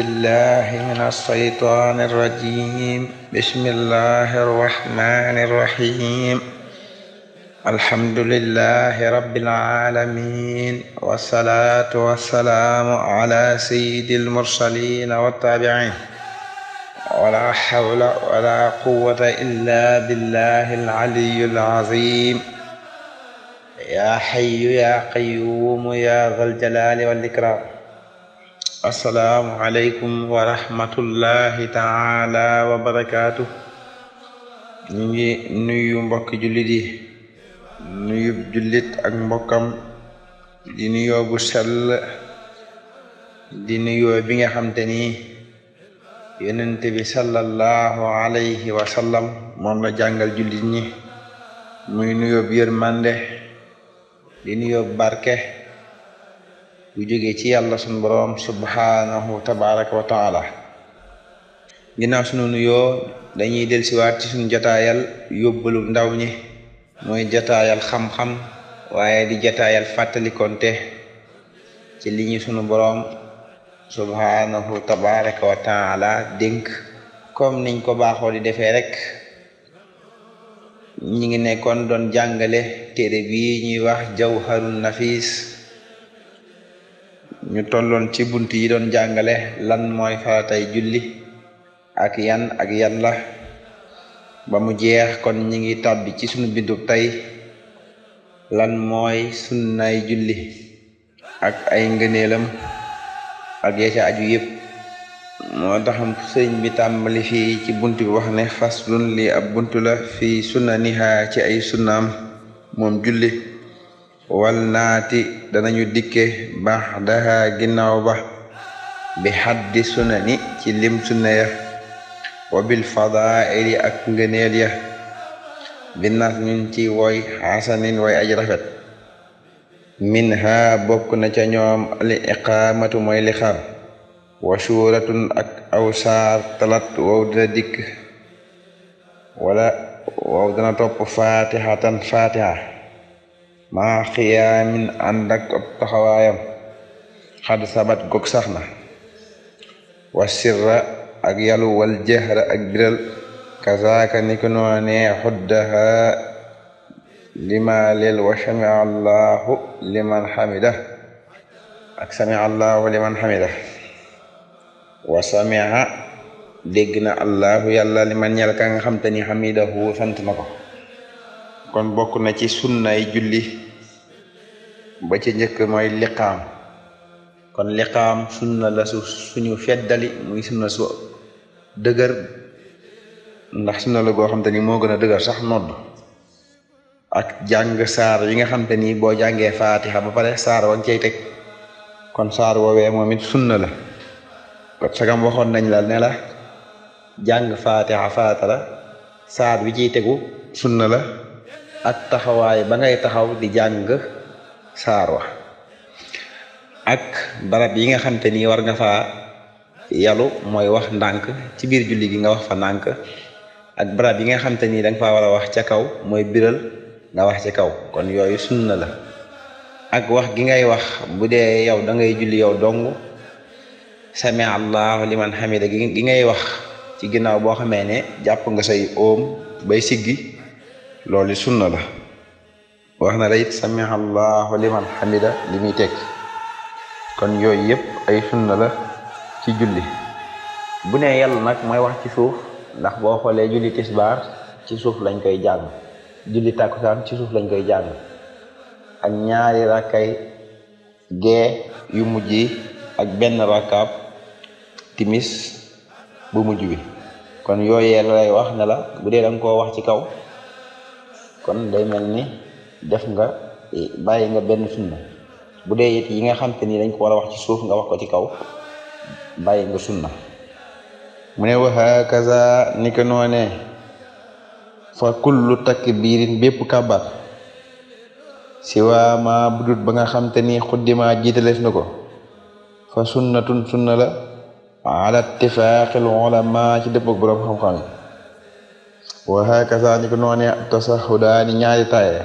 بالله من الشيطان الرجيم بسم الله الرحمن الرحيم الحمد لله رب العالمين والصلاة والسلام على سيد المرسلين والتابعين ولا حول ولا قوة إلا بالله العلي العظيم يا حي يا قيوم يا ذا الجلال والإكرام assalaamu aleykum wa rahmatullahi taala wa barakaatu ñu ngi nuyu mbokki jullit yi nuyu jullit ak mbokkam di nuyoo sell di nuyoo bi nga xamte ni yonent bi sallallahu alayhi wa sallam moom la jàngal jullit ñi muy nuyoo bi yërmande di nuyoo barke yu jógee ci yàlla sunu borom subhaanahu tabaraka wa taala ginnaaw sunu nuyoo dañuy delsiwaat ci sunu jataayal yóbbalu ndaw ñi mooy jataayal xam-xam waaye di jataayal fàttalikonte ci li sunu boroom subhaanahu tabaraka wa taala dénk kom niñ ko baaxoo di defee rek ñi ngi nekkoon doon jàngale téere bii ñuy wax jawharun nafis ñu tolloon ci bunt yi doon jàngale lan mooy faratay julli ak yan ak yan la ba mu jeex kon ñi ngi tàbbi ci sunu bindu tey lan mooy sunnaay julli ak ay ngëneelam ak ya ca aju yëpp moo taxam sëriñ bi tàmbali fi ci bunt bi wax ne faslun lii ab bunt la fii sunaniha ci ay sunnaam moom julli walnaati danañu dikke baax daha ginnaaw ba bi xaddi sunani ci lim sunna ya wa bil fadaili ak ngëneel ya binnaat ñun ci woy xasanin way aj rafet min ha bokk na ca ñoom li iqaamatu mooy li wa suuratun ak aw saar talat wow dikk wala wow dana topp fatihatan fatiha maa xiyaamin ànd ak taxawaayam xad sabat gog sax na wa sirra ak yalu wal ak biral kazaaka ni ko noonee xuddaha lima leel wa sami allahu liman xamida ak sami allahu liman xamida wa samiha dégg na allahu yàlla liman ñel ka nga xam te ni ko kon bokk na ci sunnaay julli ba ci njëkk mooy liqaam kon liqaam sunna la su suñu feddali muy sunna su dëgër ndax sunna la goo xam te ni moo gën a dëgër sax nodd ak jàng saar yi nga xam te ni boo jàngee faatixa ba pare saar wa nga cay teg kon saar woowee moom it sunna la kon sagam waxoon nañ la ne la jàng faatixa faata la saar wi ciy tegu sunna la ak taxawaay ba ngay taxaw di jàng saar wa ak barab yi nga xamte ni war nga fa yalu mooy wax ndànk ci biir julli gi nga wax fa ndànk ak barab yi nga xamte ni da nga war a wax ca kaw mooy biral nga wax ci kaw kon yooyu sunna la ak wax gi ngay wax bu dee yow dangay julli yow dong sami allahu liman hamida gi ngay wax ci ginnaaw boo xamee ne jàpp nga say óom bay siggi loolu sunna la wax na la it samiha allahu liman xamida li muy tekki kon yooyu yëpp ay sunna la ci julli bu ne yàlla nag mooy wax ci suuf ndax boo xoolee julli tisbaar ci suuf lañ koy jàng julli tàkkusaan ci suuf lañ koy jàng ak ñaari rakkay gee yu mujj yi ak benn rakkaab timis bu mujj bi kon yooyee la lay wax ne la bu dee danga koo wax ci kaw kon day mel ni def nga eh, bàyyi nga benn sunna bu dee it yi nga xam te ni dañ ko war a wax ci suuf nga wax ko ci kaw bàyyi nga sunna mu ne wa hakaza ni ko noone fa kullu takbirin bépp kabar siwa ma budut ba nga xam te ni xuddima jiitaleef na ko fa sunnatun sunna la ala ittifaqil ulama ci dëppog boroom xam-xam yi wa hakaza ni ko noonee tasahudaani ñaari taaya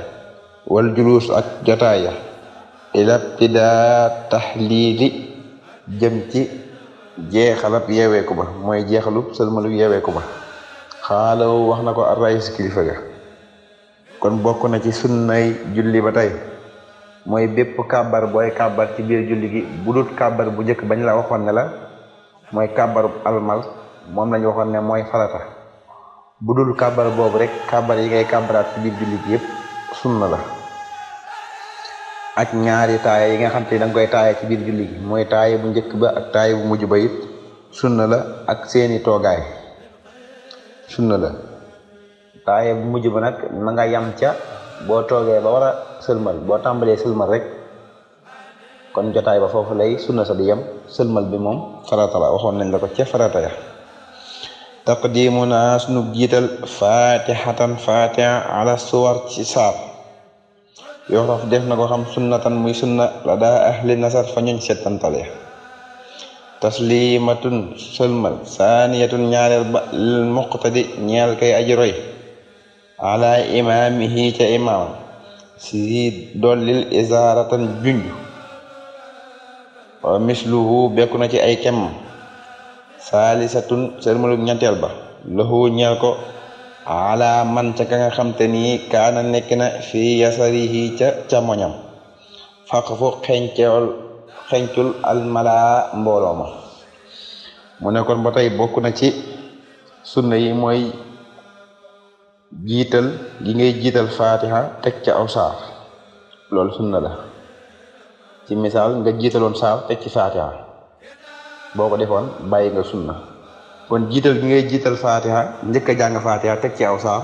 wal julus ak jotaaya i ibtidaa taxliili jëm ci jeexalab yeeweeku ba mooy jeexalub sëlmalub yeeweeku ba xaalaw wax na ko arrais kilifa ga kon bokk na ci sunnay julli ba tey mooy bépp kaabar booy kàbbar ci biir julli gi bu bu njëkk bañ la waxoon ne la mooy kàbbarub almal moom lañu waxoon ne mooy farata bu dul kàbbar boobu rek kàbbar yi ngay kàbbaraat ci biir yëpp sunna la ak ñaari taaya yi nga xam te da nga koy taaya ci biir julli gi mooy taaya bu njëkk ba ak taaya bu mujj ba it la ak seeni toogaay sunna la taaya bu mujj ba nag na nga yam ca boo toogee ba war a sëlmal boo tàmbalee sëlmal rek kon jotaay ba foofu lay sunna sa di yem sëlmal bi moom farata la waxoon nañ la ko ca farata taqdimuna sunu jiital fatihatan fatiha ala suwar ci saar yoraf def na ko xam sunnatan muy sunna la daa ahli nasar fa ñooñ settantale taslimatun sëlmal saaniyatun ñaareel ba lil muqtadi ñeel kay aji ala imaamihi ca imaam si dollil isaaratan junj misluhu bekku na ci ay kem saalisatun sërmalug ñetteel ba loxu ñeel ko ala man ca nga xam ni nii kaana nekk na fii yasarihi ca càmmoñam faq fu xenceol xencul almalaa mbooloo ma mu ne kon ba tey bokk na ci sunna yi mooy jiital gi ngay jiital faatiha teg ca aw saar loolu sunna la ci misaal nga jiitaloon saar tek ci faatiha boo ko defoon bàyyi nga na kon jiital bi ngay jiital faatiha njëkk a jàng faatiha teg ci aw saar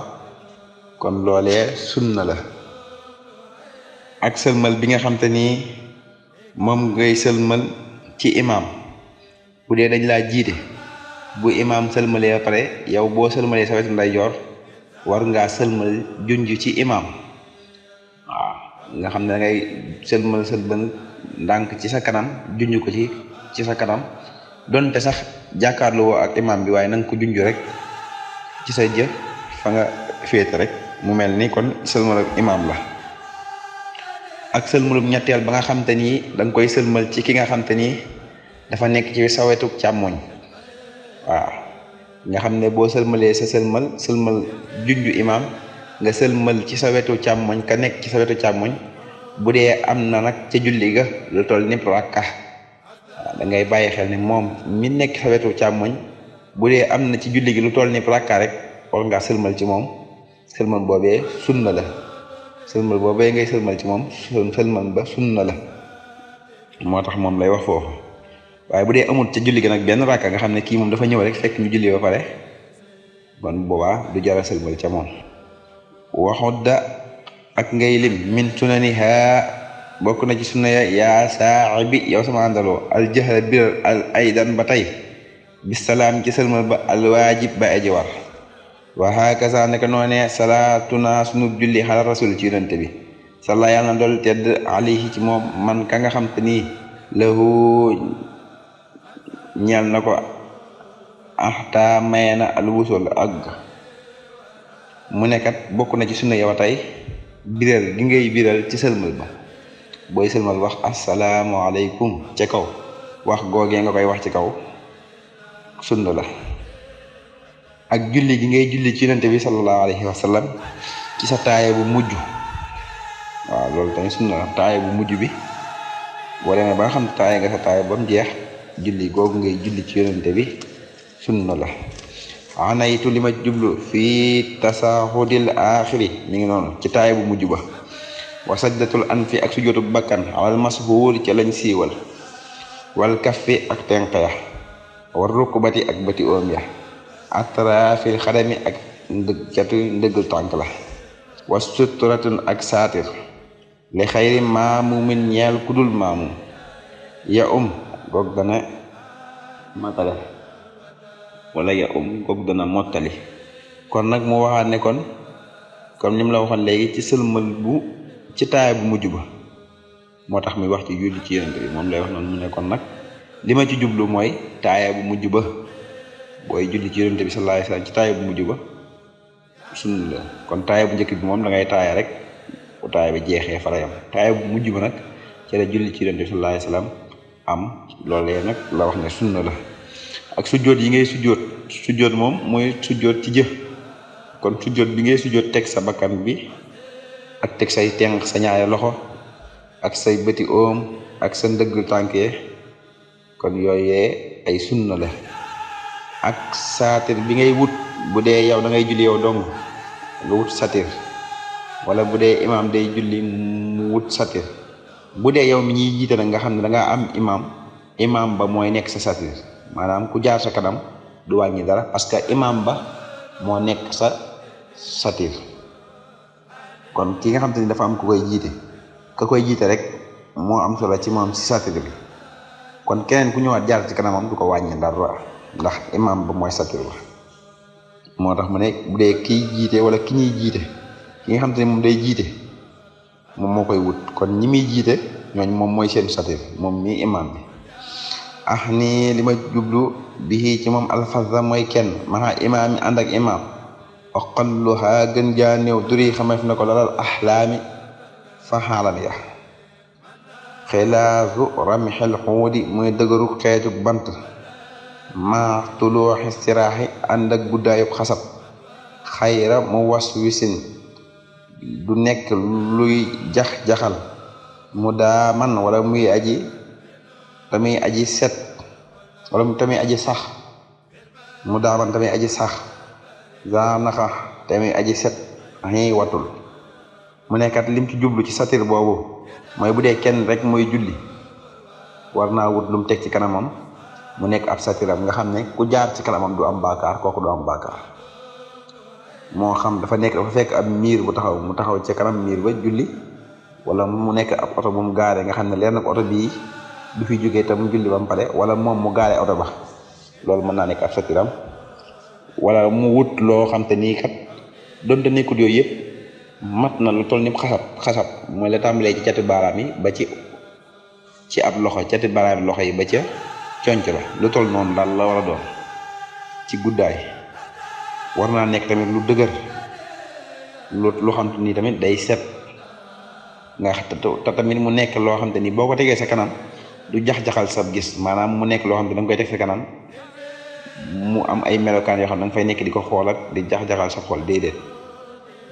kon loolee sunna la ak sëlmal bi nga xam te nii moom ngay sëlmal ci imaam bu dañ laa jiite bu imaam sëlmalee ba pare yow boo sëlmalee sa wetu ndeyjoor war ngaa sëlmal junj ci imaam waaw nga xam ne da ngay sëlmal sëlmal ndànk ci sa kanam junj ko ci ci sa kanam donte sax jàkkaarloo ak imaam bi waaye na nga ko junj rek ci sa jë fa nga féete rek mu mel ni kon sëlmalub imaam la ak sëlmalub ñetteel ba nga xam te ni da koy sëlmal ci ki nga xam te ni dafa nekk ci sa wetu càmmoñ waaw nga xam ne boo sëlmalee sa sëlmal sëlmal junju imaam nga sëlmal ci sa càmmoñ ka nekk ci sa càmmoñ bu dee am na nag ca julli ga lu toll ni rakka da ngay bàyyi xel ne moom mi nekk sa wetu càmmoñ bu dee am na ci julli gi lu toll ni rakka rek war ngaa sëlmal ci moom sëlmal boobee sunna la sëlmal boobee ngay sëlmal ci moom sëlmal ba sunna la moo tax moom lay wax foofu waaye bu dee amul ca julli gi nag benn rakka nga xam ne kii moom dafa ñëw rek fekk ñu julli ba pare bon boobaa du jara sëlmal ca moom waxut da ak ngay lim min sunaniha bokk na ci sunna yaa bi yow sama àndaloo aljahra biral al aydan ba tey bisalaam ci sëlmal ba alwaajib ba aji war wa hakaza naka noone salaatuna sunu julli xala rasul ci yonente bi salla yàlla na dool tedd alayhi ci moom man ka nga xam te nii lahu ñeel na ko axtaa maye na alwusul àgg mu nekkat bokk na ci sunna yow tey biral gi ngay biral ci sëlmal ba booy sëlmal wax asalaamualeykum ca kaw wax googee nga koy wax ci kaw sunna la ak julli gi ngay julli ci yonente bi sallallahu alayhi wa sallam ci sa taaye bu mujj waaw loolu tamit la taaye bu mujj bi boo demee nga xam taaye nga sa googu ngay julli ci yonente bi sunna la anaytu li ma jublu fii tasaxudil axiri mu ngi noonu ci taaye bu mujj ba wa sajdatul anfi ak sujootu bakkan alal mashuur ca lañ siiwal wal kaffi ak tenq ya war rukkubati ak bëti oom ya atraafil xadami ak ndëg catu ndëggal tànk la wa suturatun ak saatir li xayri maamu min ñeel kudul maamu ya um goog dana matale wala ya um goog dana mottali kon nag mu waxaat ne kon comme la waxoon léegi ci sëlmal bu ci taaya bu mujj ba moo tax muy wax ci julli ci yonent bi moom lay wax noonu mu ne kon nag li ma ci jublu mooy taaya bu mujj ba booy julli ci yonent bi sallallahu alayhi wasallam ci taaya bu mujj ba sunna la kon taaya bu njëkk bi moom da ngay taaya rek bu taaya bi jeexee fa la yam taaya bu mujj ba nag ci la julli ci yonent bi sallallahu alayhi wasallam am loolee nag la wax ne sunna la ak sujjóot yi ngay sujjóot sujjóot moom mooy sujjóot ci jëf kon sujjóot bi ngay sujjóot teg sa bakkan bi ak teg say tenq sa loxo ak say bëti oom ak sa ndëggu tànke kon yooyee ay sunna la ak saatir bi ngay wut bu dee yow dangay ngay julli yow dong nga wut satir wala bu dee imaam day julli mu wut satir bu dee yow mi ñuy jiite nag nga xam ne da am imaam imam ba mooy nekk sa satir maanaam ku jaar sa kanam du wàññi dara parce que imaam ba moo nekk sa satir kon ki nga xam te ni dafa am ku koy jiite ka koy jiite rek moo am solo ci moom si satire kon keneen ku ñëwaat jaar ci kanamam du ko wàññi dara ndax imaam ba mooy satire ba moo tax mu ne bu dee kiy jiite wala ki ñuy jiite ki nga xam te ni moom day jiite moom moo koy wut kon ñi muy jiite ñooñ moom mooy seen satire moom mii imaam bi ah nii jublu bii ci moom alfaza mooy kenn maanaam imaam mi ànd ak imaam aqalluhaa gën jaa néew duri xameef na ko lalal axlaami fa xaalal ya xilaasu ramxel xuudi muy dëgëru xeetu bant ma tuluuxi siraaxi ànd ak guddaayub xasab xayra mu was wisin du nekk luy jax-jaxal mu daa man wala muy aji tamuy aji set wala tamuy aji sax mu daa man tamuy sax za naxa te muy aji set añuy watul mu nekkat lim ci jublu ci satir boobu mooy bu dee kenn rek mooy julli war naa wut lu mu teg ci kanamam mu nekk ab satiram nga xam ne ku jaar ci kanamam du am baakaar kooku du am baakaar moo xam dafa nekk dafa fekk ab miir bu taxaw mu taxaw ci kanam miir ba julli wala mu nekk ab oto bu mu gaaree nga xam ne leer na ko bii du fi jógee te mu julli ba pare wala moom mu gaaree oto ba loolu mën naa nekk ab satiram wala mu wut loo xam te nii kat doonte nekkut yooyu yëpp mat na lu toll ni xasab xasab mooy la tàmbalee ci cati baaraam yi ba ci ci ab loxo cati baaraam loxo yi ba ca conc la lu toll noonu daal la war a doon ci guddaay war naa nekk tamit lu dëgër lu lu xam te ni tamit day set nga te tamit mu nekk loo xam te ni boo ko tegee sa kanam du jax-jaxal sab gis maanaam mu nekk loo xam te danga koy teg sa kanam mu am ay melokaan yoo xam ne danga fay nekk di ko xool di jax-jaxal sa xol déedéet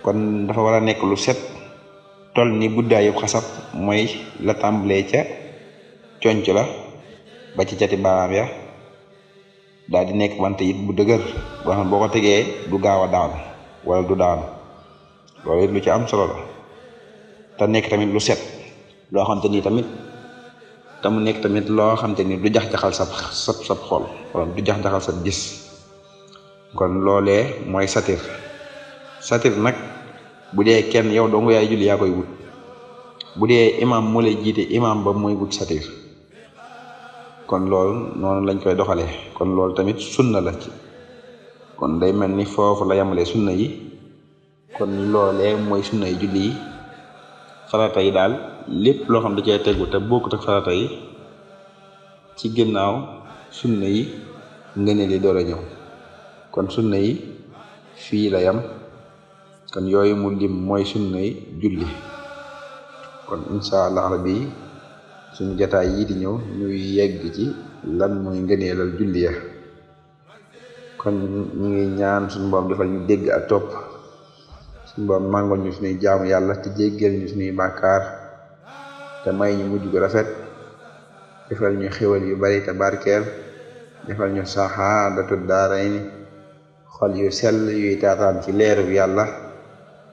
kon dafa war a nekk lu set tol ni guddaayu xasab mooy la tàmbalee ca conc la ba ci cati baaraam ya daal di nekk wante it bu dëgër boo boo ko tegee du gaaw a daanu wala du daanu loolu it lu ci am solo la te nekk tamit lu set loo xam te ni te mu nekk tamit loo xam te ni du jax jaxal sab sab sab du jax jaxal sab gis kon loolee mooy satir satir nag bu dee kenn yow dongu yaay julli yaa koy wut bu dee imam moo lay jiite imam ba mooy wut satir kon loolu noonu lañ koy doxalee kon loolu tamit sunna la ci kon day mel ni foofu la yamale sunna yi kon loolee mooy sunna yi julli farata yi daal lépp loo xam da cee tegu te bokkut ak farata yi ci ginnaaw sunna yi ngëne li door a ñëw kon sunna yi fii la yam kon yooyu mu lim mooy sunna yi julli kon insha allah rabbi suñu jataay yi di ñëw ñuy yegg ci lan mooy ngëneelal julli ya kon ñu ngi ñaan suñu borom defal ñu dégg ak topp suñu borom màngal ñu suñuy jaamu yàlla te jéggal ñu suñuy bàkkaar te may ñu mujj gu rafet defal ñu xéwal yu bari te barkeel defal ñu saxaadatu daarayni xol yu sell yuy taataan ci leeru yàlla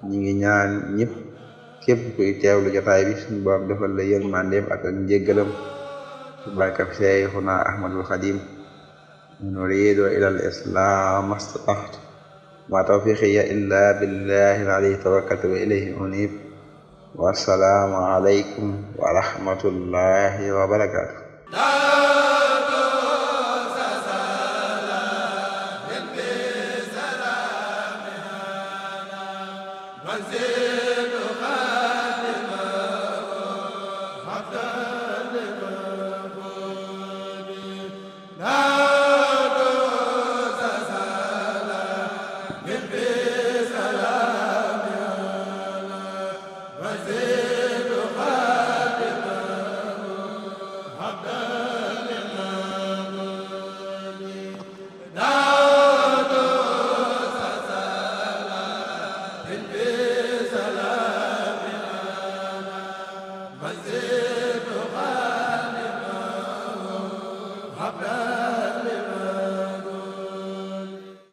ñi ngi ñaan ñëpp képp kuy teewlu jotaay bi suñu borom defal la yërmandeem ak ak njéggalam barkab Seyxuna Ahmadul Xadim in uriidu ilal islaah ma tawfiqiya illa billahi alayhi tawakkaltu wa ilayhi unib wa salaamu alaykum wa rahmatullahi wa barakatuh